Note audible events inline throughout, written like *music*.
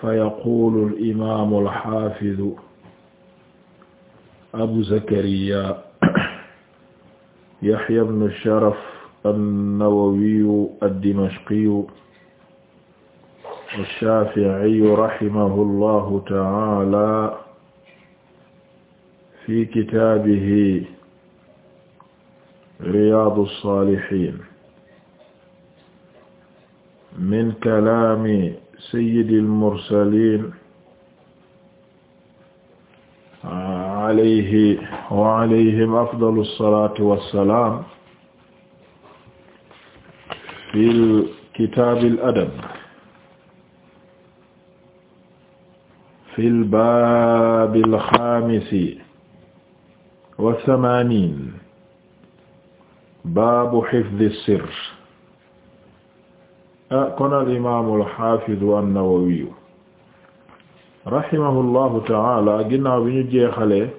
fa yaqulu alimaamu alxaafidu abu zakariya yaxya bnu sharaf annawawiyu addimashqiyu alshaaficiyu rahimahu allahu taala fi kitaabihi riyaadu saalihiin min kalaami sayyidil mursaliin alayhi wa alayhim afdalu salaati wa salaam fil kitaabil adab fil baabil xaamisi wa samaaniin baabu hifdis sirr Ah, kon al imaamu al xaafidu an-Nawawi rahimahullahu ginnaaw bi ñu jeexalee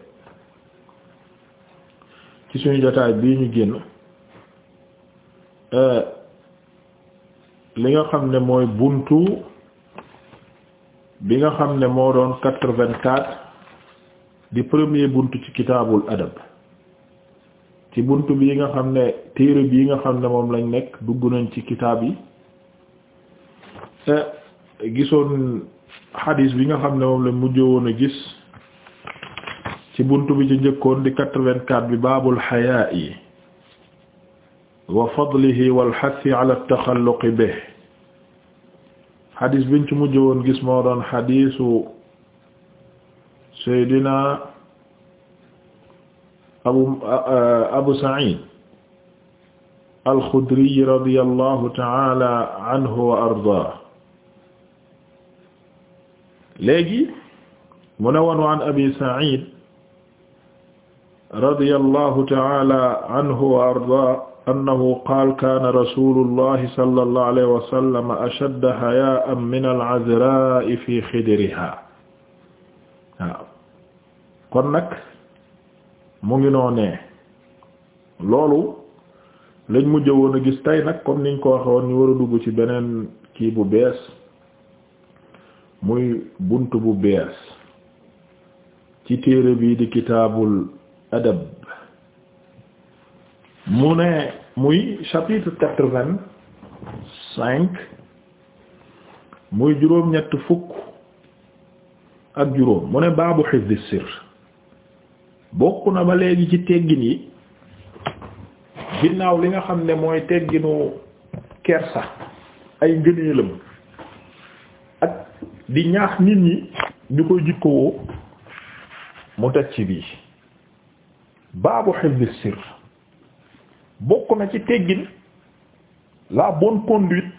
ci suñu jotaay bii ñu génn eh, li nga xam ne mooy buntu bi nga xam ne moo doon quatre-vingt-quatre di premier buntu ci kitaabul adab ci buntu bii nga xam ne téere bii nga xam ne moom lañ nekk dugg nañ ci kitaab yi gisoon xadiis bi nga xam ne moom la mujj woon a gis ci buntu bi ci njëkkoon di quatre-vingt-quatre bi baabul xayaa'i wa fadlihi wal xassi ala taxalluqi bihi xadiis biñ ci mujj woon gis moo doon xadiisu Seydina abu abu Saïd al-Xudri radiyallahu ta'ala anhu wa ardaahu léegi mu ne woon waan abi Sa'id radiyallahu ta'ala anhu wa arda annahu qaal kaana rasulullahi sallallahu alayhi wa sallam ashadda min al-'azraa'i fi xidrihaa kon nag mu ngi noonee loolu lañ mujj woon a gis tey nag comme niñ ko waxoon ñu war a dugg ci beneen kii bu bees muy bunt bu bees ci téere bii di kitaabul adab mu ne muy chapitre quatre-vingt-cinq muy juróom-ñett fukk ak juróom mu ne baabu hifz sir bokk na ba léegi ci teggin yi ginnaaw li nga xam ne mooy tegginu kersa ay ngëneelam di ñaax nit ñi ñu koy jikkowoo mu teg ci bii baabu hifz sir bokk na ci teggin la bonne conduite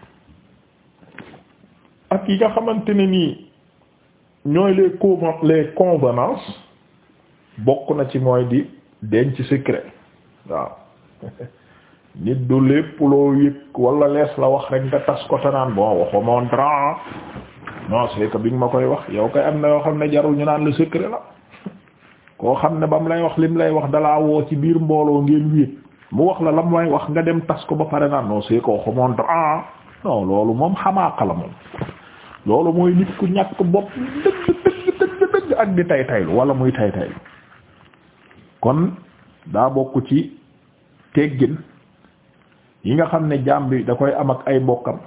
ak yi nga xamante ne nii ñooy les con bokk na ci mooy di denc secret waaw *laughs* nit du lépp loo yëg wala lees la wax rek nga tas ko tanaan bon waxuma woon dara non c'est bi nga ma koy wax yow koy am na yoo xam ne jarul ñu naan la secret la koo xam ne ba mu lay wax lim lay wax dalaa woo ci biir mbooloo ngeen wéet mu wax la la may wax nga dem tas ko ba pare naan non c'est que xamoon ah non loolu moom xamaa la moom loolu mooy nit ku ñàkk bopp dëgg dëgg dëgg ak di tay taylu wala muy tay taylu kon daa bokk ci teggin yi nga xam ne jaam bi da koy am ak ay mbokkam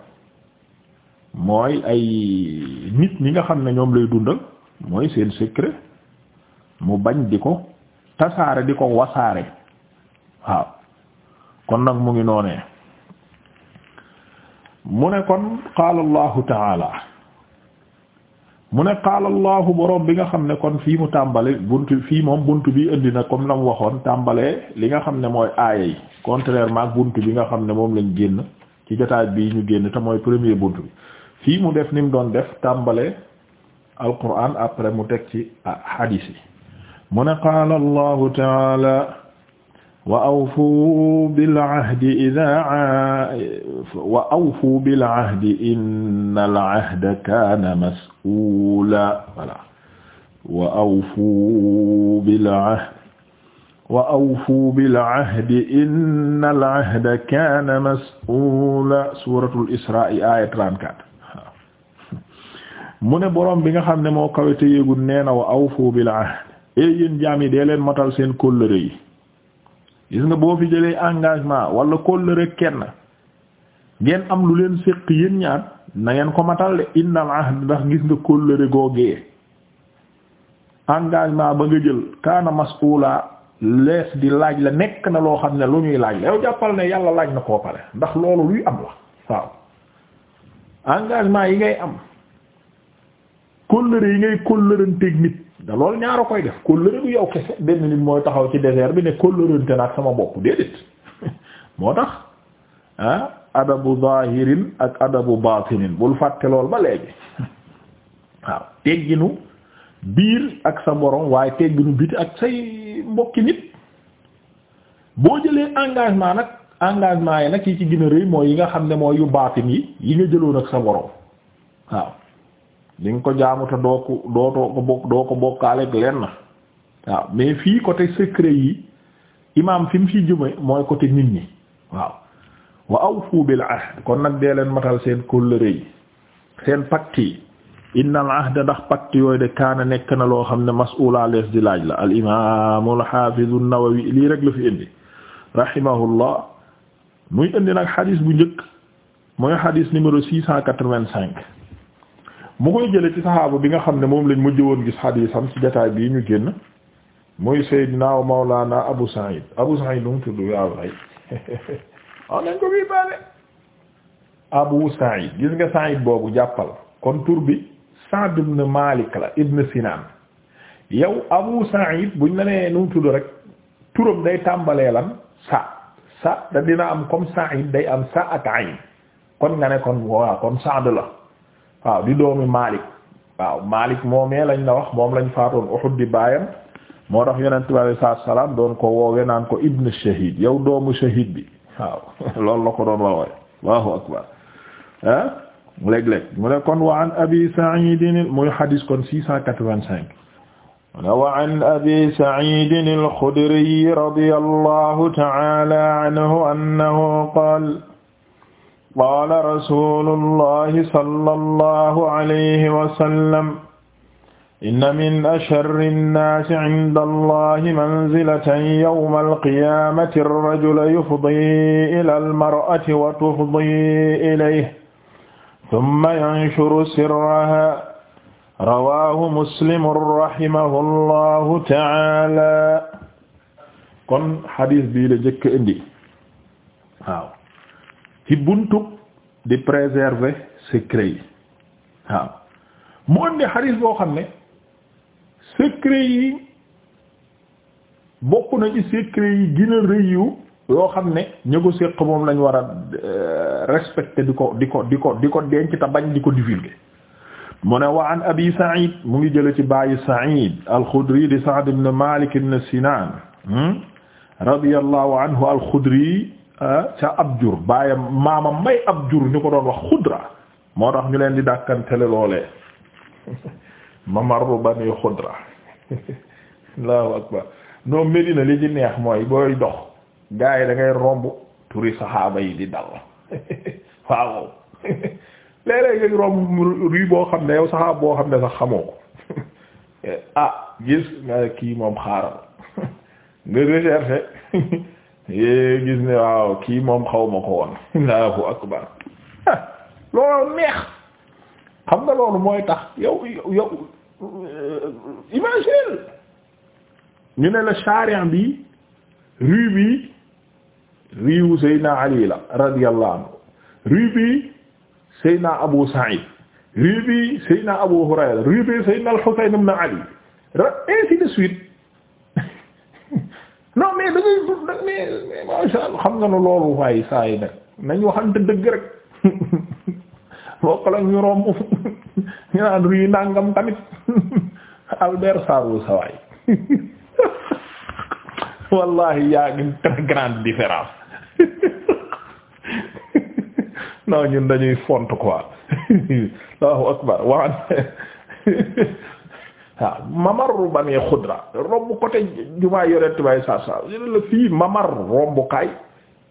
mooy ay nit ñi nga xam ne ñoom lay dundal mooy seen secret mu bañ di ko tasaare di ko wasaare waaw kon nag mu ngi noonee mu ne kon qaala allahu mu ne qaala allahu boroom bi nga xam ne kon fii mu tàmbali bunt fii moom bunt bi indi na comme la mu waxoon tàmbalee li nga xam ne mooy aaya yi contrairement ak bi nga xam ne moom lañ génn ci jotaay bii ñu génn te mooy premier buntu bi fii mu def ni mu doon def tàmbale alquran après mu teg ci hadith yi mu ne qaala allahu taala wa awfu bil ahdi idaa wa awfu bil ahdi innal ahda kaana mas'uula voilà wa awfu bil ahdi wa awfu bil ahdi innal ahda kaana mas'uula suuratul israa aaya 34 mu ne borom bi nga xam ne moo kawe te nee na wa awfu bil ahd ee eh, yéen jaam yi dee leen matal seen kóllëre yi gis nga boo fi jëlee engagement walla kóllëre kenn ngeen am lu leen séq yéen ñaar na ngeen ko matal de innal ahd ndax gis nga kóllëre googee engagement ba nga jël kaana mas'ula lees di laaj la nekk na loo xam ne lu ñuy laaj la yow jàppal ne yàlla laaj na koo pare ndax loolu luy am la waaw engagement yi ngay am kóllëre yi ngay kóllëranteeg nit da loolu ñaara koy def kóllëre bu yow kese benn nit mooy taxaw ci désert bi ne kóllërante naag sama bopp déedéet *laughs* moo tax ah adabu zahirin ak adabu batinin bul fàtte lool ba léegi *laughs* waaw tegginu biir ak sa borom waaye tegginu biti ak say mbokki nit boo jëlee engagement nag engagement yi nag yi ci gën a rëy mooy yi nga xam ne mooy yu baatin yi yi nga jëloon ak sa borom waaw di nga ko jaamuta doo ko dootoo ko bokk doo ko bokkaaleeg lenn waaw mais fii côté secret yi imaam fi mu fi jume mooy coté nit ñi waaw wa awfu bil ahd kon nag dee leen matal seen kóllëre yi seen pacte yi innal ahda ndax pacte yooyu de kaana nekk na loo xam ne mas'uula lees di laaj la al imaam al haafiz nawawi lii rek la fi indi rahimahullah muy indi nag xadis bu njëkk mooy xadis numéro six cent quatre-vingt-cinq mu koy jële ci saxaaba bi nga xam ne moom lañ mujj woon gis xadiisam ci jotaay bii ñu génn muy Seydina wa Mawlana Abu Sa'id Abu Sa'id lu mu tudd waaw ay *laughs* waaw boobu jàppal kon tur bi Sa'd Malik la ibn Sinan yow Abu Sa'id buñ la nee nu mu tudd rek turam day tàmbalee lan sa da dina am comme Sa'id day am sa ak ayn kon nga ne kon waa kon Sa'd la waaw di doomi Malik waaw Malik moomee lañ la wax moom lañ faatoon Uhud di baayam moo tax yonent bi alayhi salaatu salaam doon ko woowe naan ko ibnu shahid yow doomu shahid bi waaw *laughs* loolu la ko doon woowee Allahu akbar ah léeg-léeg mu ne kon wa an abi Sa'id muy hadis kon 685 mu ne wa an abi Sa'id al-Khudri radiyallahu ta'ala anhu annahu qaala qaala rasuulullahi sallallahu alayhi wa sallam inna min asharri nnaasi inda allahi manzilatan yawma alqiyaamati arrajulu yufdii ila almar'ati wa tufdii ilayhi thumma yanshuru sirrahaa rawaahu muslimun rahimahu llahu ta'aala kon xadiis bii la jëkk indi ci buntub di préserver secret yi waaw mu indi xadiis boo xam ne secret yi bokk na ci secret yi gën a yoo xam ne ñi ko moom lañ war a euh, respecter di ko di ko di ko di ko denc te bañ di ko divulguer mu ne wa an abi Sa'id mu ngi jële ci bàyyi Sa'id al-Khudri di Sa'd ibn Malik ibn Sinan hmm, radiyallahu anhu al-Khudri Ah, ca Abjur baayam maamam may Abjur ñu ko doon wax xudra moo tax ñu leen di dàkkantele loolee mamarru bani xudra allahu akbar noo Medina li ci neex mooy booy dox gaa yi da romb turi saxaaba yi di dal *laughs* waaw *laughs* léeg-léeg nga romb rue boo xam ne yow saxaaba boo xam ne sax xamoo ko *laughs* eh, ah gis nga kii moom xaaral nga recherche yée gis ne waaw kii moom xaw ma ko woon *laughs* Allahu akbar loolu neex xam nga loolu mooy tax yow yow euh, imagine ñu ne la charian bi rue bi riiwu Seydina Ali la radiyallahu anhu rue bi Seydina Abu Sa'id rue bi Seydina Abu Hurayra rue bi Seydina al-Husayn ibn Ali ainsi de suite non mais dañuy dund nag allah xam nga ne loolu waaye saa yi nag nañ waxante dëgg rek *laughs* bokkul ak ñu romb *laughs* ñu naan *laughs* Allahu akbar waan waaw mamar bani xudra romb côté jumaa yorent bay sa sa la fii mamar rombukaay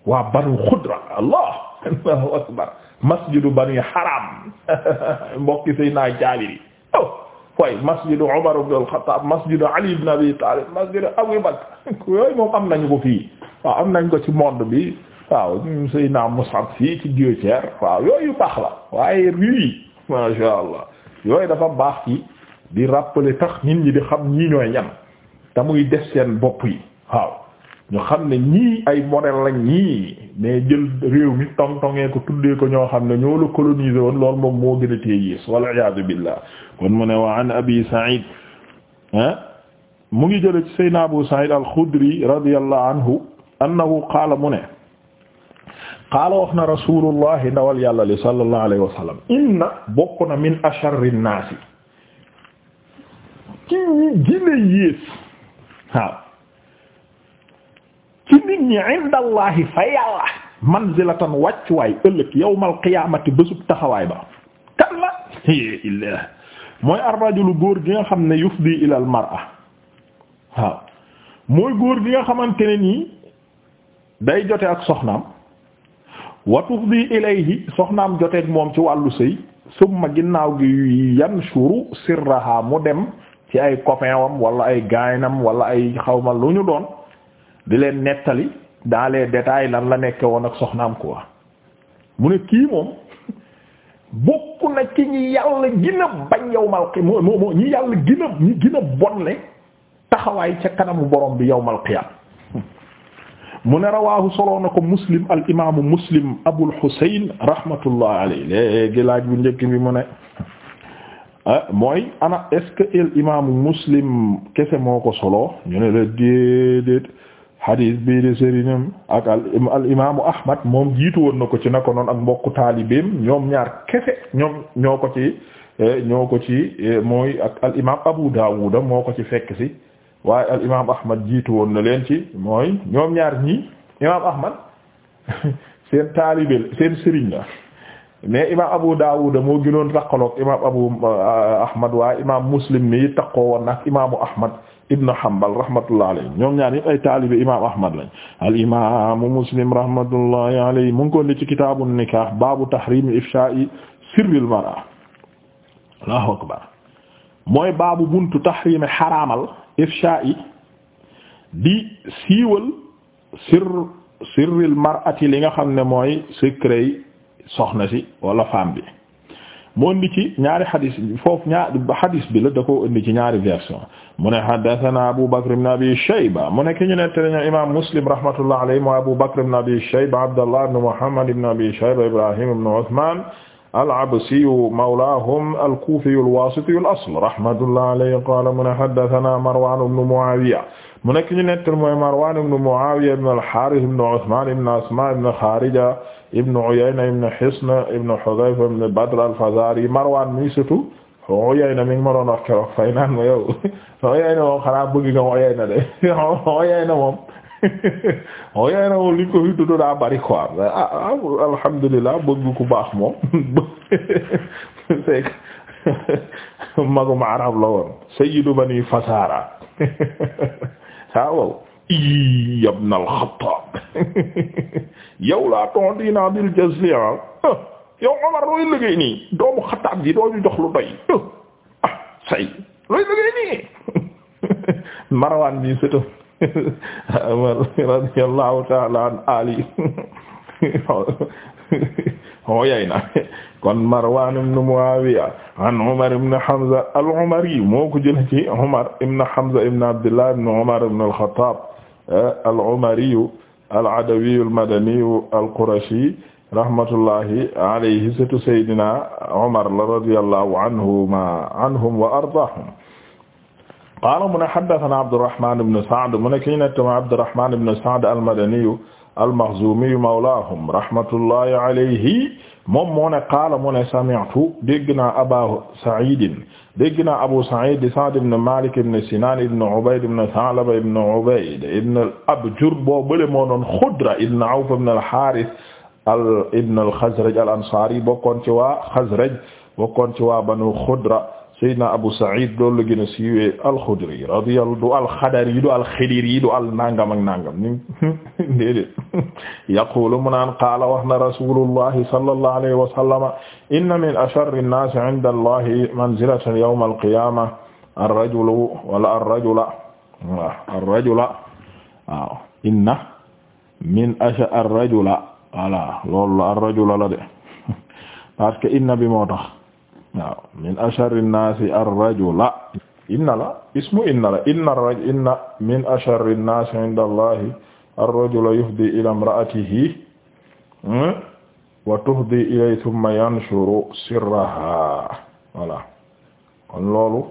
waa banu xudra allah allahu akbar masjidu bani haram *laughs* mbokki say naa jaabiri oh way masjidu umar ibn al-khattab masjidu ali ibn abi talib masjidu abu bakr *laughs* yooyu moom am nañu ko fii waaw am nañ ko ci monde bi waaw say naa musab fii ci dieu tiere waaw yooyu baax la waaye rii ma sha allah yooyu dafa baax ci di rappeler tax nit ñi di xam ñii ñooy ñan te muy def seen bopp yi waaw ñu xam ne ñii ay modèle lañ ñii mais jël réew mi tong-tongee ko ñoo xam ne ñoo colonisé woon loolu moom moo gën a tee yiis wal iyaadu kon mu ne wa abi Sa'id ah mu ngi jële ci sayna Abu Sa'id al-Khudri anhu annahu qaala mu ne qaala wax na rasulullah ndawal yàlla li sallallahu alayhi wa sallam inna a na min asharri ci ñi gina yées waaw ci nit ñi indallahi fa yàlla manzilatan ëllëg yawmal qiyaamati bésub taxawaay ba kan la mooy arrajulu góor gi nga xam ne yufdi ilal mar'a waaw mooy góor gi nga xamante ne nii day jote ak soxnaam wat tufdi ilayhi soxnaam joteeg moom ci wàllu sëy summa ginnaaw gi yanshuru sirraha mu dem ci ay copain wam wala ay gaynam wala ay xawma lu ñu doon di leen nettali dans les lan la nekke woon ak soxnaam quoi mu ne kii moom bokk na ci ñi yàlla gën bañ yawmal qiyaam moo ñi yàlla gën ñi gën a bonle taxawaay ca kanamu borom bi yawmal qiyaam mu ne rawaahu soloo na ko muslim al imaamu muslim abul husayn rahmatullah alayhi léegi bu njëkk bi mu ne Ah, mooy ana est-ce que el imaamu muslim kese moo ko solo ñu ne la déedéet hadis bii de sëriñam ak al imaamu ahmad moom jiitu woon na ko ci nako noon ak mbokku taalibeem ñoom ñaar kese ñoom ñoo ko ci eh, ñoo ko ci eh, mooy ak al imaam abu daawuda moo ko ci fekk si waaye al imaam ahmad jiitu woon na leen ci mooy ñoom ñaar ñii imaam ahmad *laughs* seen taalibe seen sëriñ la mais imam Abu Dawud moo gënoon taqaloog imam Abu euh, Ahmad waaye imam Muslim mi taqoo woon nag imaamu Ahmad ibn Hanbal rahmatullah alayhi ñoom ñaar yëpp ay imam Ahmad lañ al imamu Muslim rahmatullahi alayhi mu ngi ko ndi ci kitaabu nikah baabu tahrimi ifsha'i sirril mar'a akbar mooy baabu buntu tahrimi xaraamal ifsha'i di siiwal sir sirril mar'ati li nga xam ne mooy secret soxna si wala femme bi mu indi ci ñaari xadis foofu ñaar xadis bi la da koo indi ci ñaari version mu ne haddathana Abu Bakr ibn Abi Shayba mu ne ki ñu nettali ñu imam Muslim rahmatullah alayhi mooy Abu Bakr ibn Abi Shayba Abdullah ibn Muhammad ibn Abi Shayba Ibrahim ibn Uthman al-Absi mawlahum al-Kufi al-Wasiti al-asl rahmatullah alayhi qala mu ne haddathana Marwan ibn Muawiya mu nekk ñu nettal mooy Marwan ibn Muawiya ibn al-Harith ibn Uthman ibn Asma ibn Kharija ibn Uyayna ibn Hisn ibn Hudhayfa ibn Badr Marwan mi surtout Uyayna mi ngi ma doon *laughs* *laughs* *laughs* fi tudd daa bari quoi ah, ah, baax moom c'est magum Fasara waaw ii ibn al-Khattab *laughs* yow laa tontina bil jazia ah. yow Omar looy liggéey nii doomu Xattaab ji doo ñu jox lu doy ah say looy liggéey nii *laughs* Marwan bi sëtam *laughs* radiyallahu ta'ala an Ali Uyayna *laughs* kon Marwan ibn Muawiya an Umar ibn Hamza al-Umari moo ko jël ci Umar ibn Hamza ibn Abdullah ibn Umar ibn al-Khattab eh, al-Umari al-Adawi al-Madani al-Qurashi rahmatullahi alayhi sëtu Seydina Umar la radiyallahu anhuma anhum wa ardaahum qaala mu ne haddathana Abdurrahman ibn Sa'd mu ne kii netama Abdurrahman ibn Sa'd al-Madani al-Makhzumi mawlaahum rahmatullahi alayhi moom moo ne qaala mu ne sami'tu dégg naa Aba Sa'id dégg naa Abu Sa'id di Sa'd ibn Malik ibn Sinan ibn Ubayd ibn Tha'laba ibn Ubayd ibn al-Abjar boo bële moo doon Khudra ibn Awf ibn al-Harith ibn al-Khazraj al-Ansari bokkoon ci waa Khazraj bokkoon ci waa Banu Khudra Seydina Abu Saïd loolu la gën a siiwee alxudri radiyallahu du alxadar yi du alxidir yi du al nangam ak nangam ni *laughs* déedéet yaqulu mu naan qaala wax na rasulullahi sallallahu alayhi wa sallama inna min asharri nnaasi inda allahi manzilatan yawma alqiyama arrajulu wala arrajula waaw arrajula waaw inna min asha arrajula voilà loolu la arrajula la de *laughs* parce que inna bi moo tax waaw min ashar an-naasi ar-rajula inna la ismu inna la inna ar-rajula inna min ashar an-naasi inda allahi ar-rajulu yufdi ila imra'atihi hmm, wa tufdi sirraha voilà kon loolu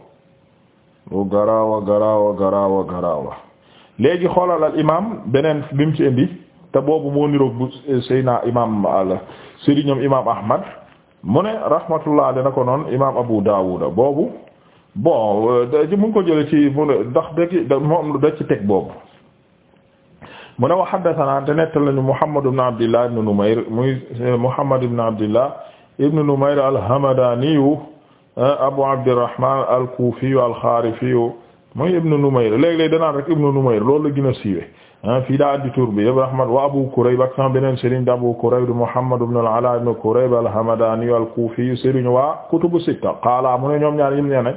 lu garaawa garaawa garaawa garaawa léegi al imam beneen bi mu ci eh, seyna imam al sëriñam imam ahmad mu ne rahmatullah dana ko noon imam Abu Dawud boobu bon euh, mu ngi ko jële ci mu ne ndax da moom da ci teg boobu mu ne wa haddathana te nettal nañu Muhammad ibn Abdillah ibn Numayr muy euh, Muhammad ibn Abdillah ibn Numayr al-Hamadaniyu euh, Abu Abdirrahman al-Kufiyu al-Kharifiyu muy ibn Numayr léeg-léeg danaan rek ibn Numayr loolu la gën a siiwe Ah, fi daa andi tur bi Abu Ahmad wa Abu Kurayb ak sama beneen sëriñ di Abu Kurayb Muhammad ibn al-Ala ibn Kurayb al-Hamdani al-Kufi sëriñ wa kutubu sitta qaala mu ne ñoom ñaar yim ne ne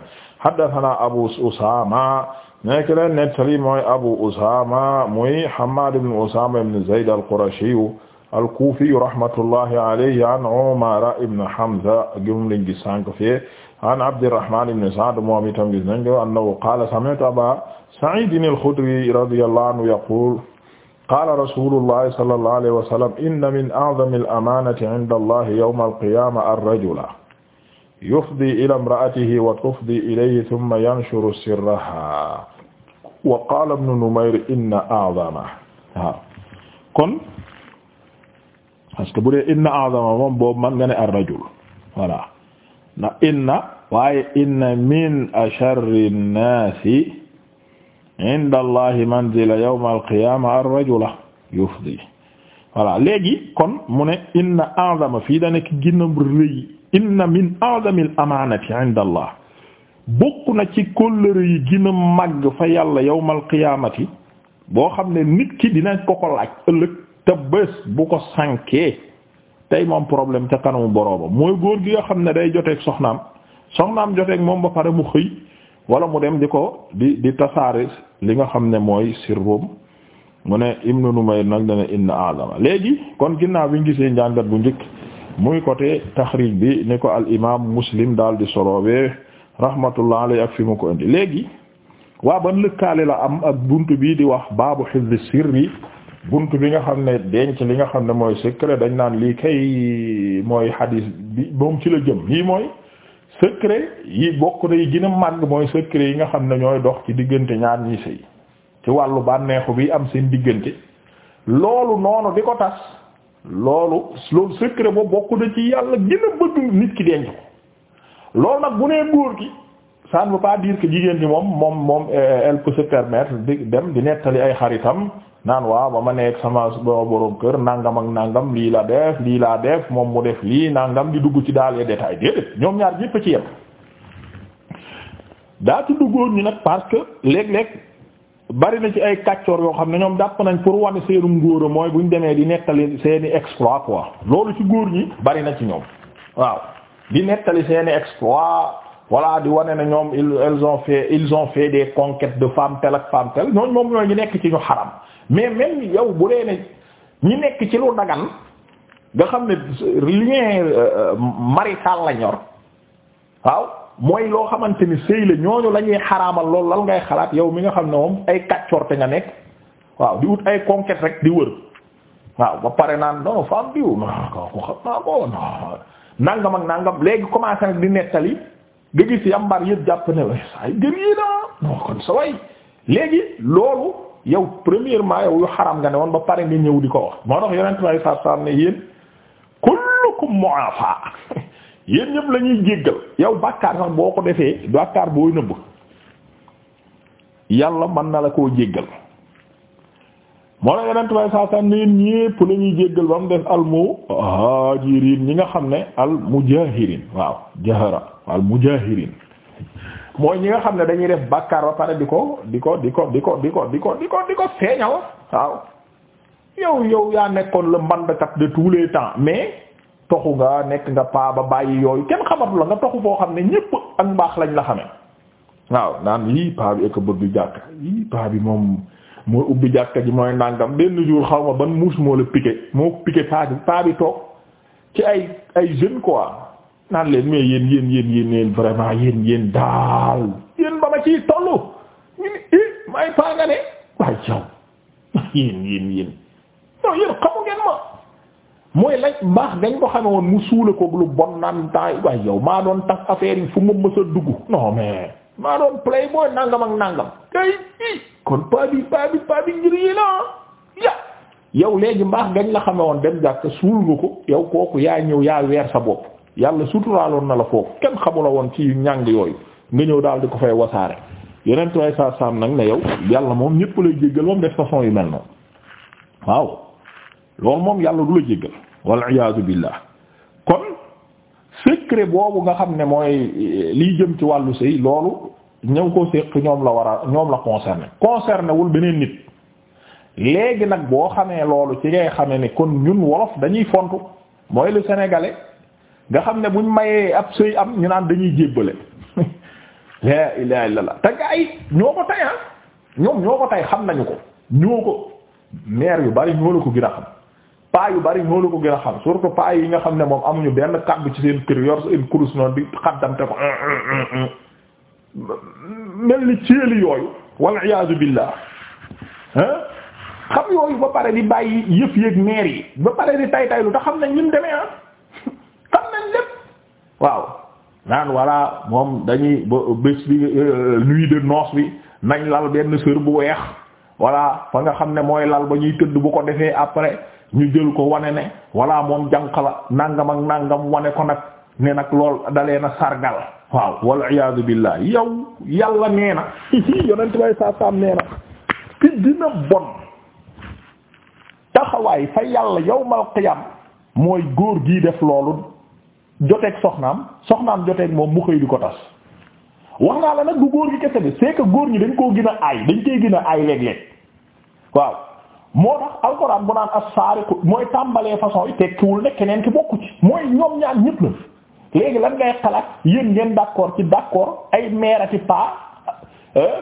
haddathana Abu Usama nekk leen nettali mooy Abu Usama muy Hammad ibn Usama ibn Zayd al-Qurashi al-Kufi rahmatullahi alayhi an Umar ibn Hamza gëm lañ gis sànq fee an Abdurrahman ibn Sa'd moom itam gis nañ ko annahu qaala sami'tu Aba Sa'iidin al-Xudri radiyallahu anhu yaquul qaala rasuulullahi sallallahu alayhi wa sallam inna min a'zami al-amaanati 'inda Allahi yawma al-qiyaamati ar-rajulu yufdii ilaa imra'atihi wa tufdii ilayhi thumma yanshuru sirrahaa wa qaala ibnu Numayr inna a'zama waaw kon parce que bu dee inna a'zama moom boobu man nga ne ar-rajul voilà na inna waaye inna min asharri an-naasi inda allahi manzila yawma alqiyama arrajula yufdi voilà léegi kon mu ne inna a'zama fii da nekk ginna rëy inna min a'zami al amaanati inda allah bokk na ci kóllëre yi gën a màgg fa yàlla yawmal qiyaamati boo xam ne nit ki dina ko ko laaj ëllëg te bés bu ko sànkee tey moom problème ca kanamu boroomam mooy góor gi nga xam ne day joteeg soxnaam soxnaam joteeg moom ba pare mu xëy wala mu dem di ko di di tasaare li nga xam ne mooy sirrum mu ne Ibnu Numayr nag dana inna a'lama léegi kon ginnaaw bi ñu gisee njàngat bu njëkk muy côté taxrij bi ni ko al imaam Muslim daal di soroowee rahmatullah alayhi ak fi mu ko indi léegi waa ban lëkkaale la am ak bunt bii di wax baabu hifzi sirri bunt bi nga xam ne denc li nga xam ne mooy secret dañ naan lii kay mooy hadis bi moom ci la jëm lii mooy secret yi bokk na yi gën a màgg mooy secret yi nga xam ne ñooy dox ci diggante ñaar ñi sëy ci wàllu bànneexu bi am seen diggante loolu noonu di ko tas loolu loolu secret boobu bokk na ci yàlla gën a bëgg nit ki denc ko loolu nag bu nee góor gi ça ne veut pas dire que jigéen bi moom moom moom euh, elle peut se permettre di dem di nettali ay xaritam naan waaw ba ma nekk sama borom kër nangam ak nangam lii la def lii laa def moom mu def lii nangam di dugg ci daal les détails déedéet ñoom ñaar ñépp ci yem. daa tudd góor ñi nag parce que léeg-léeg bari na ci ay kàccoor yoo xam ne ñoom dàpp nañ pour wane seenum góor mooy buñ demee di nettali seeni exploit quoi loolu ci góor ñi bari na ci ñoom waaw di nettali voilà di wane ne ñoom ils ils ont fait ils ont fait des conquêtes de femme telle ak femme telle ñooñu moom ñooy ñu nekk ci ñu xaram mais même yow bu dee ne ñi nekk ci lu dagan nga xam ne lien euh, marital la ñor waaw mooy loo xamante ni sëy la ñooñu la ñuy xaraamal loolu lan ngay xalaat yow mi nga xam ne moom ay kàccoor te nga nekk waaw di wut ay conquête rek di wër waaw ba pare naan non femme diw naa ko non nangam ak nangam léegi commencé nag di nettali. nga gis yambar yëpp jàpp ne eh, waaye yi léegi loolu yow premièrement yow yu xaram nga ne woon ba pare nga ñëw di ko wax moo tax yonent may saab saab ne yéen kullukum mu'afa *laughs* yéen ñëpp la jéggal yow bàkkaar sax boo ko defee bàkkaar booy nëbb yàlla mën na la koo jéggal moo la yonent may saab saab ne yéen ñépp la ñuy jéggal ba mu def al muhajirin ñi nga xam ne al mujahirin waaw jahara al mujaahirin mooy ñi nga xam ne dañuy def bàkkaar ba pare di ko di ko di ko di ko di ko di ko di ko di ko feeñal waaw yow yow yaa nekkoon la le mbandkat de tous les temps mais toxu nga nekk nga paa ba bàyyi yooyu kenn xamatu la nga toxu foo xam ne ñépp ak mbaax lañ la xamee waaw naan yii paa bi ak bëgg jàkka yii paa bi moom moo ubbi jàkka ji mooy nàngam benn jour xaw ma ban muus moo la piqué moo piqué paa bi paa bi toog ci ay ay jeunes quoi. naan leen mais yéen yéen yéen yéen yéen vraiment yéen yéen daal yéen ba ma ciy tollu eh, may faa nga ne waaye yow *laughs* yéen yéen yéen non yéen xamu ngeen ma mooy lañ ko xame woon mu suula maa doon tas affaire yi fu ma mës a dugg non mais maa doon play booy nàngam yow mbaax gañ la xame woon dem jàkk suul nga ko yow kooku yaa ñëw yaa weer sa bopp yàlla suturaaloon na la foofu kenn xamula woon ci ñàng yooyu nga ñëw daal di ko fay wasaare yeneen way sa saam nag ne yow yàlla moom ñëpp lay jéggal moom def façon yu mel noonu waaw loolu moom yàlla du la jéggal wal iyaadu billah kon secret boobu nga xam ne mooy liy jëm ci wàllu sëy loolu ñëw ko séq ñoom la war a ñoom la concerné concerné wul beneen nit léegi nag boo xamee loolu ci ngay xamee ne kon ñun wolof dañuy fontu mooy le sénégalais nga xam ne buñ mayee ab sëy am ñu naan dañuy jébbale *laughs* la ilaha illallah te gaa yi ñoo ko tay ah ñoom ñoo ko tay xam nañu ko ñoo ko maire yu bari ñoo la ko gën a xam paa yu bari ñoo la ko gën a xam surtout paa yi nga xam ne moom amuñu benn kàddu ci seen kër yor seen kurus noonu di xaddamte ko mel ni ceeli yooyu wal iyaazu billah xam yooyu ba pare di bàyyi yëf yëg maire yi ba pare di tay tay lu te xam nañ ñim demee ah xam nañ lépp waaw naan voilà moom dañuy bés bi euh, nuit de noces bi nañ lal benn sër bu weex voilà fa nga xam ne mooy lal ba ñuy tëdd bu ko defee après ñu jël ko wane ne voilà moom jànq la nangam ak nangam wane ko nag ne nag lool dalee na sargal waaw wal iyaadu billah yow yàlla nee na *laughs* yonent bay saa saam nee na ci dina bon taxawaay fa yàlla yawmal qiyam mooy góor gi def loolu joteeg soxnaam soxnaam joteeg moom mu xëy di ko tas wax naa la nag du góor gi kese bi c'est góor ñi dañ koo gën a aay dañ koy gën a aay léeg-léeg waaw moo tax alxuraan bu naan as-saariqu mooy tàmbalee façon yi tekkiwul ne keneen ki bokk ci mooy ñoom ñaar ñëpp la léegi lan ngay xalaat yéen ngeen d'accord ci d'accord ay mère ak i paa euh,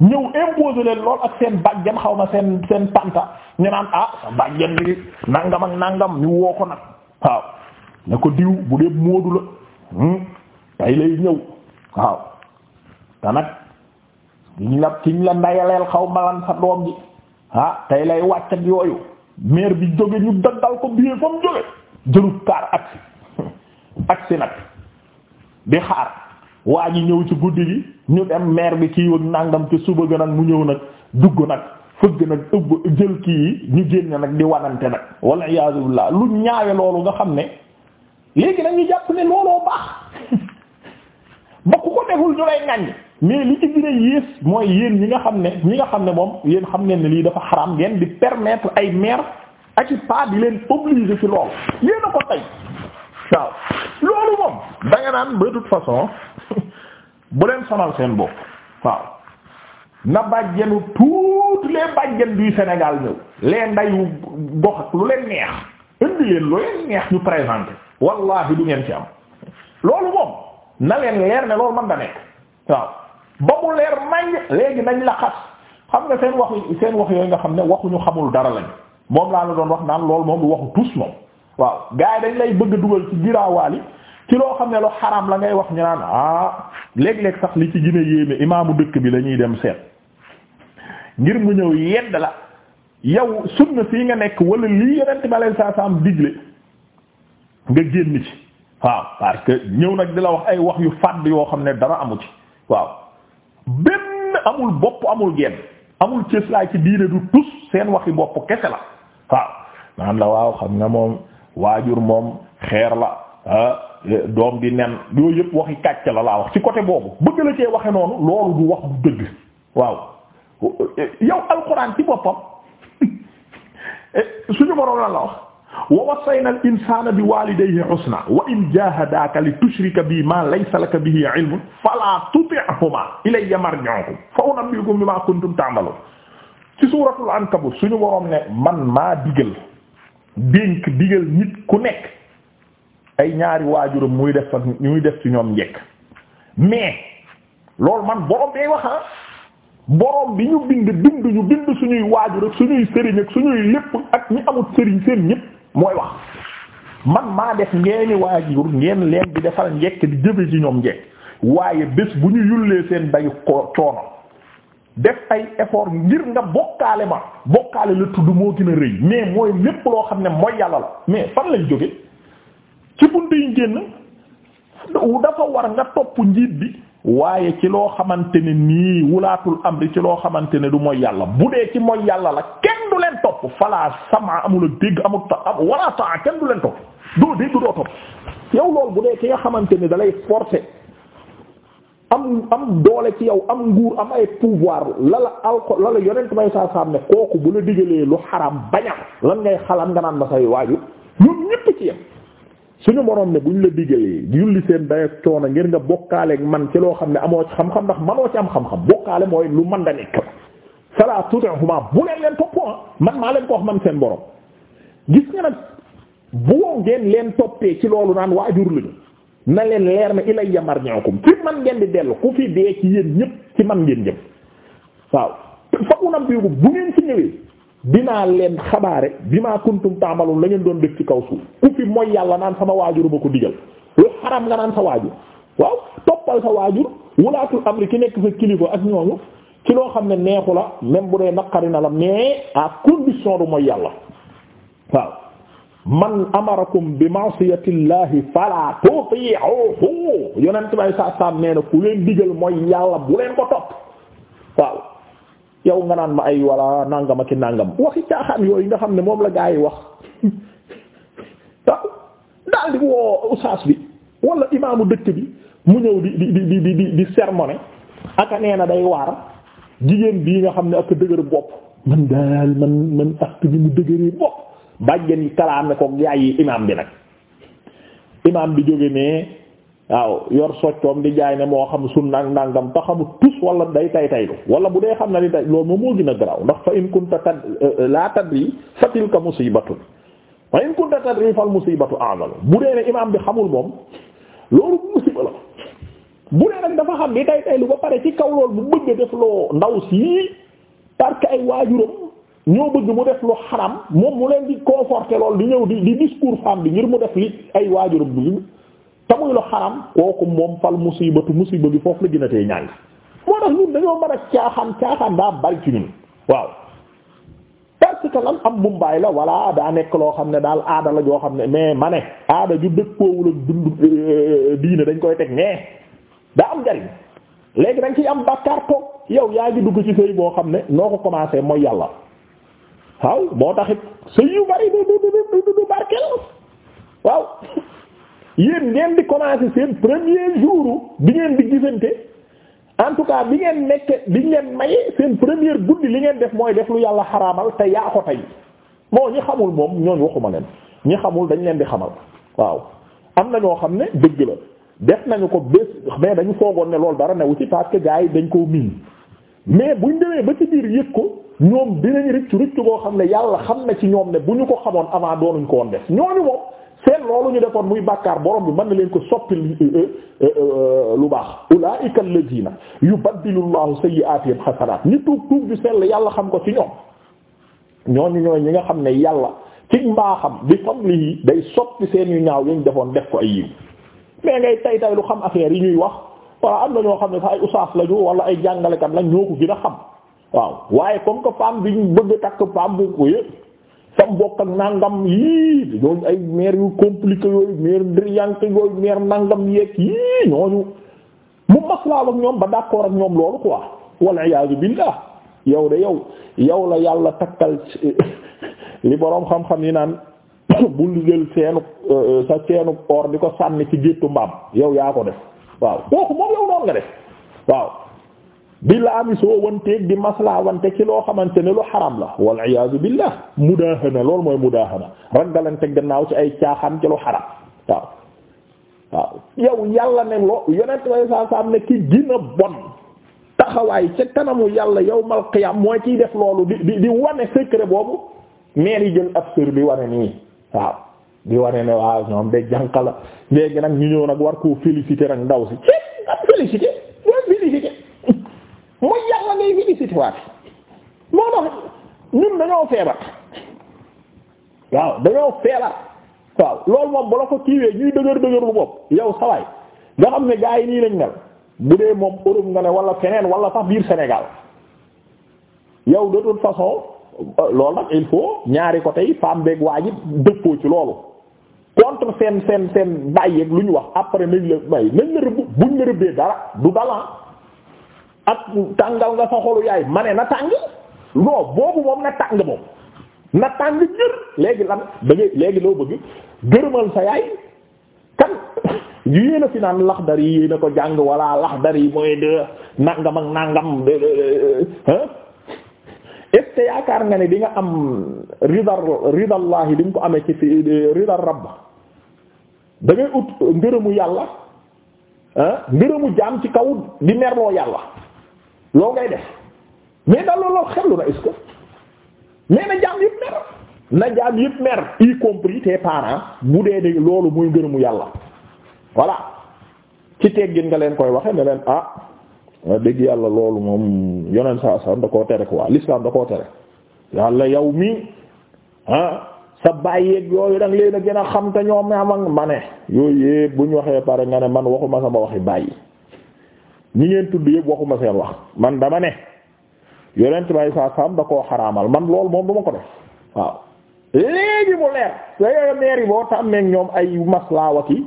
ñëw imposer leen lool ak seen bàjjan xaw ma seen seen tanta ñu naan ah sa bàjjan bi nangam ak nangam ñu woo ko nag waaw. na ko diw bu dee moodu la hmm, tay lay ñëw waaw te kiñ la ndayaleel xaw malan sa doom ji ah tay lay wàcc ak yooyu maire bi jóge ñu daddal ko biee fa mu jóge jërub kaar agsi *laughs* agsi nag di xaar waa ji ñëw ci guddi gi ñu dem maire bi ci yoon nangam ci suba ga nag mu ñëw nag dugg nag fëgg nag ëbb jël kii yi ñu génn nag di wanante nag wala iyaazu billah lu ñaawe loolu nga xam ne léegi nag ñu jàpp ne looloo baax ba ku ko deful ñu lay ŋaññ mais li ci gën yées mooy yéen ñi nga xam ne ñi nga xam ne moom yéen xam ngeen ne lii dafa xaram ngeen di permettre ay mair ak i pas di leen obliger ci loolu yéen a ko tey waaw loolu moom da naan de toute façon *laughs* bu leen sonal seen bopp waaw na bàjjenu toutes les bàjjen du Sénégal ñëw les ndayu gox ak lu leen neex indi leen lu leen neex ñu présenter wallahi du ngeen ci am loolu moom na leen leer ne loolu man da nekk waaw ba mu leer nañ léegi nañ la xas xam nga seen wax seen wax yooyu nga xam ne waxuñu xamul dara lañ moom laa la doon wax naan lool moom du waxu tus moom waaw gars yi dañ lay bëgg dugal ci giraawaali ci loo xam ne lu xaraam la ngay wax ñu naan ah léeg-léeg sax li ci gën a yéeme imaamu dëkk bi lañuy dem seet ngir mu ñëw yedd la yow sunna fii nga nekk wala lii yonent bi alayhi salaam digle nga génn ci waaw parce que ñëw nag di wax ay wax yu fàdd yoo xam ne dara amu ci waaw benn amul bopp amul genn amul cëslaay ci diine du tus seen waxi bopp kese la waaw naan la waaw xam nga moom waajur moom xeer la ah, doom di nen yooyu yëpp waxi kàcc la laa wax ci côté boobu bëgg la cee waxe noonu loolu du wax du dëgg waaw yow alxuraan ci boppam *laughs* eh, suñu boroom la la wax wa wassayna al insana bi walidayhi husna wa in jahadaka li tushrika bi ma laysa laka bihi ilmun fala tuti'huma ilayya marji'ukum fa unabbi'ukum bima kuntum ta'malun ci suratul ankabut suñu boroom ne man maa digal dénk digal nit ku nekk ay ñaari waajuram muy def ak muy def ci ñoom njekk mais loolu man boroom day wax ah, boroom bi ñu bind bind ñu bind suñuy waajur ak suñuy sëriñ ak suñuy lépp ak ñi amul sëriñ seen ñépp mooy wax man maa def ngeeni waajur ngeen leen bi defal njekk di jëfe ci ñoom njekk waaye bés bu ñu yullee seen dayu ko coono def ay effort ngir nga bokkaale ma bokkaale la tudd moo gën a rëy mais mooy lépp loo xam ne mooy yàlla la mais fan lañ jóge ci bunt yi génn dafa war nga topp njiit bi waaye ci loo xamante ne nii wulaatul am di ci loo xamante ne du mooy yàlla bu dee ci mooy yàlla la kenn du leen topp fala sama amul a dégg amul ta wala taa kenn du leen topp doo dégg doo topp yow loolu bu dee ci nga xamante ne dalay forcer am am doole ci yow am nguur am ay pouvoir lala alko lala yonent may saa saam ne kooku bu la digalee lu xaram bañam lan ngay xalaat nga naan ma say waaju ñun ñépp ci yam suñu moroom ne bu buñ la diggalee yulli seen dayak coono ngir nga bokkaaleeg man ci loo xam ne amoo ci xam-xam ndax manoo ci am xam-xam bokkaale mooy lu man da nekk la fala tutihuma bu leen leen toppoo ah. man maa leen ko wax man seen borom gis leen toppee ci loolu naan waajur lañu na leen leer na ilayya marji'ukum ci man ngeen di dellu ku fi dee ci yéen ñëpp ci man ngeen jëm waaw fa unabbiukum bu ngeen ci ñëwee dinaa leen xabaare bi maa kuntum taamalu la doon def ci kaw suuf ku fi mooy yàlla naan sama waajuru ma ko digal lu xaram nga naan sa waajur waaw toppal sa waajur wulaatul amri ki nekk sa kilifa ak ñooñu ci loo xam ne neexu la même bu dee naqari na la mais à condition du mooy yàlla waaw man amarakum bi ma'siyatillahi fala tuti'uhu yonent bay sa sam nee ku leen digal mooy yàlla bu leen ko topp waaw yow nga naan ma ay walla nàngama ki nàngam waxi caaxaan xam ne moom la gaa yi wax daal di woo ustaas bi wala imaamu dëkk bi mu ñëw di di di di di di sermoné aka day waar jigéen bii nga xam ne ak dëgër bopp man daal man man ak bi mu dëgëree bopp bàjjen yi kalaame ko yaay imaam bi nag imaam bi jóge nee waaw yor soccoom di jaay ne moo xam sunna ak nangam ta xamul tus wala day tay taylu wala bu dee xam na ni tay loolu moom moo gën a garaaw ndax fa in kunta tad euh, euh, la tadri fa tilka musibatun fa in kunta tadri fal musibatu a'zam bu dee ne imaam bi xamul moom loolu musiba la bu dee nag dafa xam di tay taylu ba pare ci kaw loolu bu bëgg def loo ndaw sii parce que ay waajuram ñoo bëgg mu def lu xaram moom mu leen di conforter lool di ñëw di di discours femme bi ngir mu def li ay waajuram te muy lu xaram kooku moom fal musibatu musiba bi foofu la gën a tee ñàng moo tax ñun dañoo mën a caaxaan caaxaan daa bari ci ñun waaw parce que lan am mumbaay la walla daa nekk loo xam ne daal aada la joo xam ne mais ma ne aada ju dëkkoowul ak dund euh, diine dañ koy teg mais daa am njariñ léegi dañ ciy am bàkkaar toog yow yaa ngi dugg ci sëy boo xam ne noo ko commencé mooy yàlla waaw moo taxit sëy yu bari du du du du barkeel waaw yéen ngeen di commencer seen premier jour bi ngeen di gisante en tout cas bi ngeen nekke bi leen mayee seen première guddi li ngeen def mooy def lu yàlla xaraamal te yaa ko tey moo ñi xamul moom ñooñ waxuma leen ñi xamul dañ leen di xamal waaw am na ñoo xam ne dëgg la def nañu ko bés mais dañu foogoon ne loolu dara newu ci parce que gars yi dañ koo miin mais buñ demee ba ci biir yëg ko ñoom dinañ rëccu rëccu koo xam ne yàlla xam na ci ñoom ne bu ñu ko xamoon avant doonuñ ko woon def ñooñu moom seen loolu ñu defoon muy bàkkaar borom bi mën na leen ko soppil euh, euh, euh, lu baax ulaa'ika alladhiina yubaddilu llaahu sayyi'aatihim hasanaat ñu tuub tuub ju sell yàlla xam ko ci ñoom ñooñu ñooy ñi nga xam ne yàlla maa xam bi fadlihi day soppi seen yu ñaaw yuñ defoon def ko ay yiw mais ngay tay tay lu xam affaire yi ñuy wax walla am na ñoo xam ne sax ay usaas lañu wala ay jàngalekat lañ ñoo ko gën a xam waaw waaye comme que femme bi ñu bëgg takk femme bu tam bokk ak nangam yii yooyu ay maire yu compliqué yooyu maire driyanke yooyu maire nangam yeeg yii ñooñu mu maslaaw ak ñoom ba d'accord ak ñoom loolu quoi wal iyaazu yow yow la yàlla takkal *laughs* li boroom xam-xam yi naan *coughs* bul jël seenu euh, sa seenu or di ko sànni ci géttu mbaam yow yaa ko def waaw kooku moom yow noonu nga def waaw di laamisoo wanteeg di maslaa wante ci loo xamante ne lu xaram la wal iyaazu billah mudaahana loolu mooy mudaahana raggalante gannaaw ci ay caaxaan ci lu xaram waaw waaw yow yàlla ne loo yonent way saa saa am ne ki gina bon taxawaay ca kanamu yàlla yawmal qiyaam mooy ciy def loolu di di di wane secret boobu meer yi jël ab sër bi wane nii waaw di wane ne waaw ñoom de jànq la léegi nag ñu ñëw nag war koo féliciter nag ndaw si ci am féliciter mooy yàlla ngay félicité waat moo tax ñun dañoo feebar waaw dañoo feebar waaw loolu moom bu la ko kiiwee ñuy dëgër dëgër lu bopp yow sawaay nga xam ne gaa yi nii lañ mel bu dee moom Europe nga ne wala feneen wala sax biir Sénégal yow de toute façon euh, loolu nag il faut ñaari côté yi femme beeg waa ji dëppoo ci loolu contre seen seen seen bàyyeeg lu ñu wax après nañ la may nañ la rëbb buñ la rëbbee dara du dala ah. ak tàngal nga sa xolu yaay ma na tàng non boobu moom na tàng moom na tàng jër léegi lan da ngay léegi loo bëgg gërëmal sa yaay kan *coughs* yéen fi naan laxdar yi yéen ko jàng walla laxdar yi mooy de nangam ak nangam est yaakaar nga ne di nga am ridar ridallahi di nga ko amee ci fi ridar rabb ut ngërëmu yàlla ngërëmu jaam ci kaw di merloo yàlla loo ngay def mais daal loolu xellu na est-ce que na jaam yëpp mer na jaam yëpp mer y compris tes parents bu dee de loolu muy ngërëmu yàlla voilà ci teggin nga leen koy waxe ne leen ah dégg yàlla loolu moom yoneen saa saa da koo tere quoi l'islam da koo tere yàlla yow mi ah sa bàyyeeg yooyu da nga leen a gën a xam te ñoo ñoom ma ne yooyu yëpp bu ñu waxee pare nga ne man waxuma sama waxi bàyyi ñi ngeen tudd yëpp waxuma seen wax man dama ne yonent bay saa saam da koo xaraamal man lool moom duma ko def waaw léegi mu leer sa meer yi boo tàmmee ñoom ay maslaawaki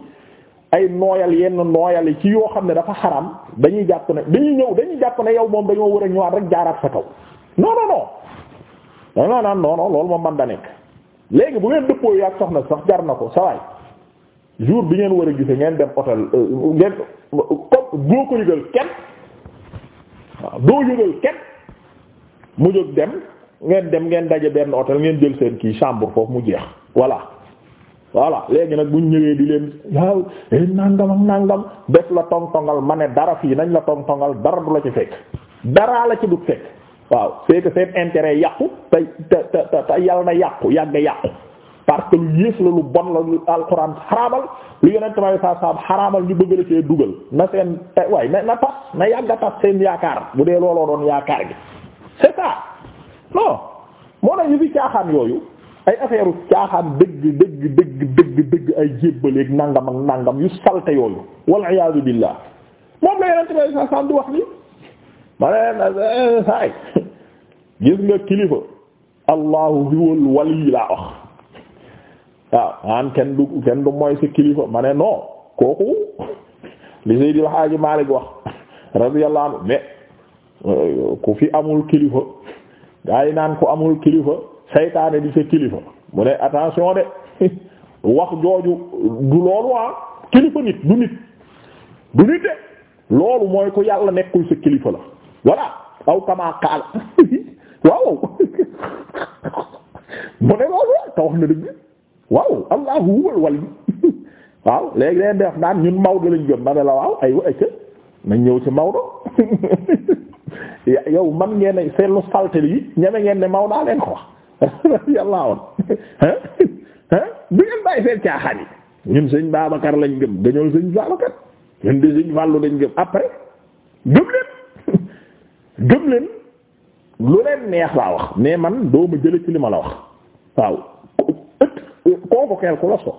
ay nooyal yenn nooyal yi ci yoo xam ne dafa xaram dañuy jàpp ne dañuy ñëw dañuy jàpp ne yow moom dañoo war a ñëwaat rek jaaraat sa kaw non non non naan non non loolu moom man da nekk léegi bu ngeen dëppoo yaag soxna sax jar na ko sawaay jour bi ngeen war a gise ngeen dem hôtel euh, boo ko yëgal kenn waaw doo yëgal kenn mu jóg dem ngeen dem ngeen daje benn hôtel ngeen jël seen kii chambre foofu mu jeex voilà voilà léegi nag buñ ñëwee di leen waaw eh, nangam ak nangam def la tong-tongal ma ne dara fii nañ la tong-tongal dara du la ci fekk daraa la ci du fekk waaw c'est que seen intérêt yàqu te te te te na yàqu yàgg yàqu parce que lu yées la lu bon la lu alxuraan xaraamal lu yeneen tamit saa saam xaraamal ñu bëgg la cee dugal na seen eh, waay na na tas na yàgg a tas seen yaakaar bu dee looloo doon yaakaar gi c'est ça non moo tax ñu fi caaxaan yooyu ay affaire caaxaan moom la yeneen tamit saa saam di wax nii ma ne eh, saa gis nga kilifa allahu huwal wali laa wax. waaw naan kenn du kenn du mooy si kilifa ma ne non kooku *laughs* li Seydil Haaji Maalik wax *laughs* radiyallahu anhu mais euh, ku fi amul kilifa gaa yi naan ku amul kilifa saytaane di sa kilifa mu ne attention de *laughs* wax jooju du loolu ah kilifa nit du nit du nit de loolu mooy ko yàlla nekkul sa kilifa la voilà aw kamaa kaala waaw mu ne loolu te wax na dëgg waaw allahu huwal wali *laughs* waaw léegi leen def naan ñun Maodo lañ gëm ma ne la waaw aywa ayca nañ ñëw ci Maodo *laughs* yow man ngeen ne seen lu saltel yi ñeme ngeen ne Maodo leen ko wax *laughs* yàllaa woon ah ah bu ngeen bàyyi seen caaxaan yi ñun sëñ Babacar lañ gëm dañoo sëñ Babacar ñun de sëñ Fallou lañ gëm après gëm leen gëm leen lu leen neex laa wax mais man doo ma jëlee li ma la wax waaw. convoquer ku la so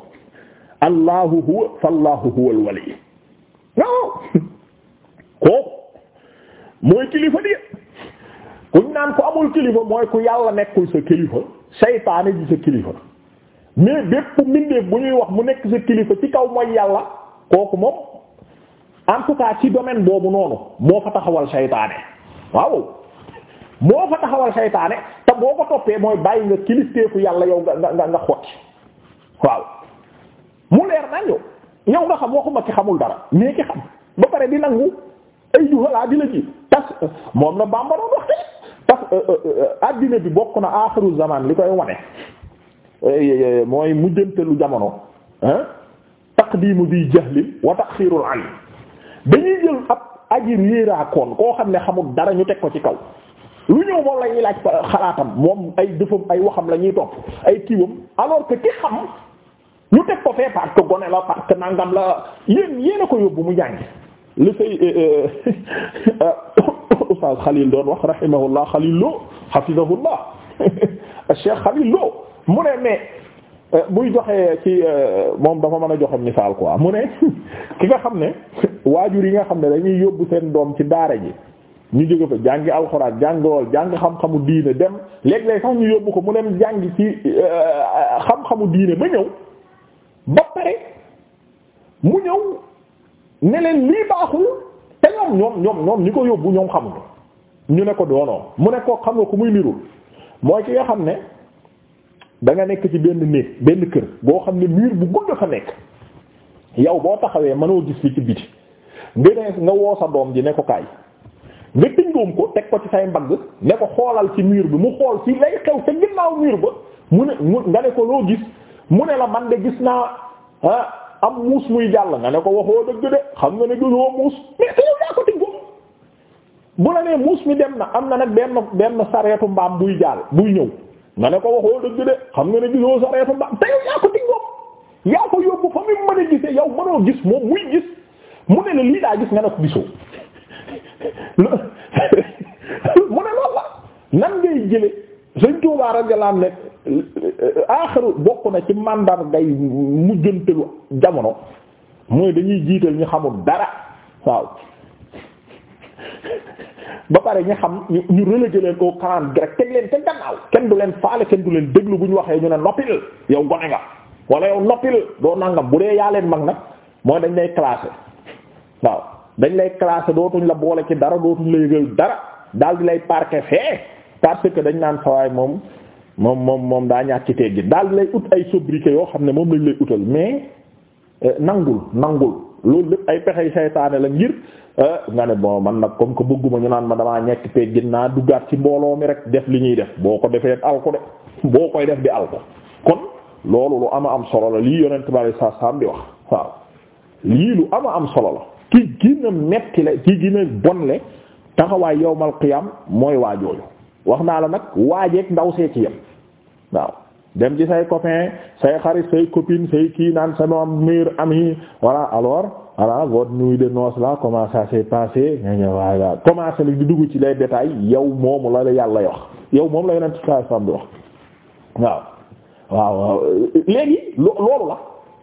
allahu huwa fallahu huwa alwali waaw kooku mooy kilifa di kuñ naan ko amul kilifa mooy ku yàlla nekkul sa kilifa saytaane ji sa kilifa mais bépp mbindeef bu ñuy wax mu nekk sa kilifa ci kaw mooy yàlla kooku moom en tout cas ci domaine boobu noonu moo fa taxawal saytaane waaw moo fa taxawal saytaane te boo ko toppee mooy bàyyi nga kilifteefu yàlla yow nga nga nga xotti waaw mu leer nañu yow nga xam waxuma ki xamul dara mais ki xam ba pare di nangu ay juhalaa di la ji tas moom na bàmbaroon wax te tas euh, euh, euh, addina bi bokk na aaxiru zaman li koy wane eh, eh, eh, mooy mujjantelu jamono ah taqdimu di jahlin wa taxirul alim jël ab aji réeraakoon koo xam ne xamul dara ñu teg ko ci kaw lu ñëw moom lañuy ñuy laaj xalaatam moom ay dëfam ay waxam la topp ay kiiwam alors que ki xam ñu teg ko fee parce gone la parce que nangam la yéen yéen ko yóbbu mu jàngi li say Oustaz Khalil doon wax rahimahullah Khalil Lo hafizahullah *laughs* Cheikh Khalil Lo mu ne mais euh, buy joxe ci euh, moom dafa mën a joxe misaal quoi mu ne *laughs* ki nga xam ne waajur yi nga xam ne dañuy yóbbu seen doom ci daara ji ñu jóge fa jàngi alxuraan jàng lool jàng xam-xamu diine dem léeg-léeg sax ñu yóbbu ko mu ne jàngi ci euh, xam-xamu diine ba ñëw. ba pare mu ñëw ne leen lii baaxul te ñoom ñoom ñoom ñoom ko yóbbu ñoom xamuñu ñu ne ko doonoo mu ne ko xam nga ku muy nirul mooy ci nga xam ne danga nekk ci benn néeg benn kër boo xam ne mur bu gudd fa nekk yow boo taxawee mënoo gis li ci biti nga ne nga woo doom ji ne ko kaay nga tëngoom ko teg ko ci say mbagg ne ko xoolal ci miir bi mu xool ci lay xew sa ginnaaw mur ba mu ne nga ne ko loo gis mu ne la man de gis naa ah am muus muy jàll nga ne ko waxoo dëgg de xam nga ne gisoo muus mais te yow yaa ko tiggoo bu la nee muus mi dem na am na nag benn benn sareetu mbaam buy jàll buy ñëw nga ne ko waxoo dëgg de xam nga ne gisoo sareetu mbaam te yow yaa ko tiggoo yaa ko yóbbu fa muy mën a gisee yow mënoo gis moom muy gis mu ne la lii daa gis nga ne ko gisoo *laughs* mu ne loolu la nan ngay jële Sëriñ Tuubaa radiyallaahu anhu aaxiru bokk na ci mandar ngay mujjantelu jamono mooy dañuy jiital ñu xamul dara waaw ba pare ñu xam ñu ñu relégué leen au clan grec teg kenn du leen faale kenn du leen déglu bu ñu waxee ñu ne noppil yow gone nga wala yow noppil doo nangam bu dee yaa leen mag nag mooy dañ lay classé waaw dañ lay classé dootuñ la boole ci dara dootuñ la yëgal dara daal di lay parquer fee parce que dañ naan sawaay moom moom moom moom daa ñàkk ci teggin daal lay ut ay sobriquet yoo xam ne moom lañ lay utal mais euh, nangul nangul loolu lépp ay pexey saytaane la ngir euh, nga ne bon man nag comme que bëgguma ñu naan ma damaa ñekk teggin naa duggaat ci mbooloo mi rek def li ñuy def boo ko defee alko de boo koy def di alko kon loolu lu ama am solo la lii yonent bari saa saam bi wax waaw lii lu am am solo la ki gën a metti la ki gin a bon le taxawaay yowmal qiyam mooy waajooju wax naa la nag waajeeg ndaw see ci yem waaw dem ci say copain say xarit say copine say kii naan sama meilleur ami voilà alors voilà votre nuit de noces là comment ça s'est passé nga ñëw di dugg ci les détails yow moomu la la yàlla wax yow moom la yonent saa sam wax waaw waaw léegi loolu la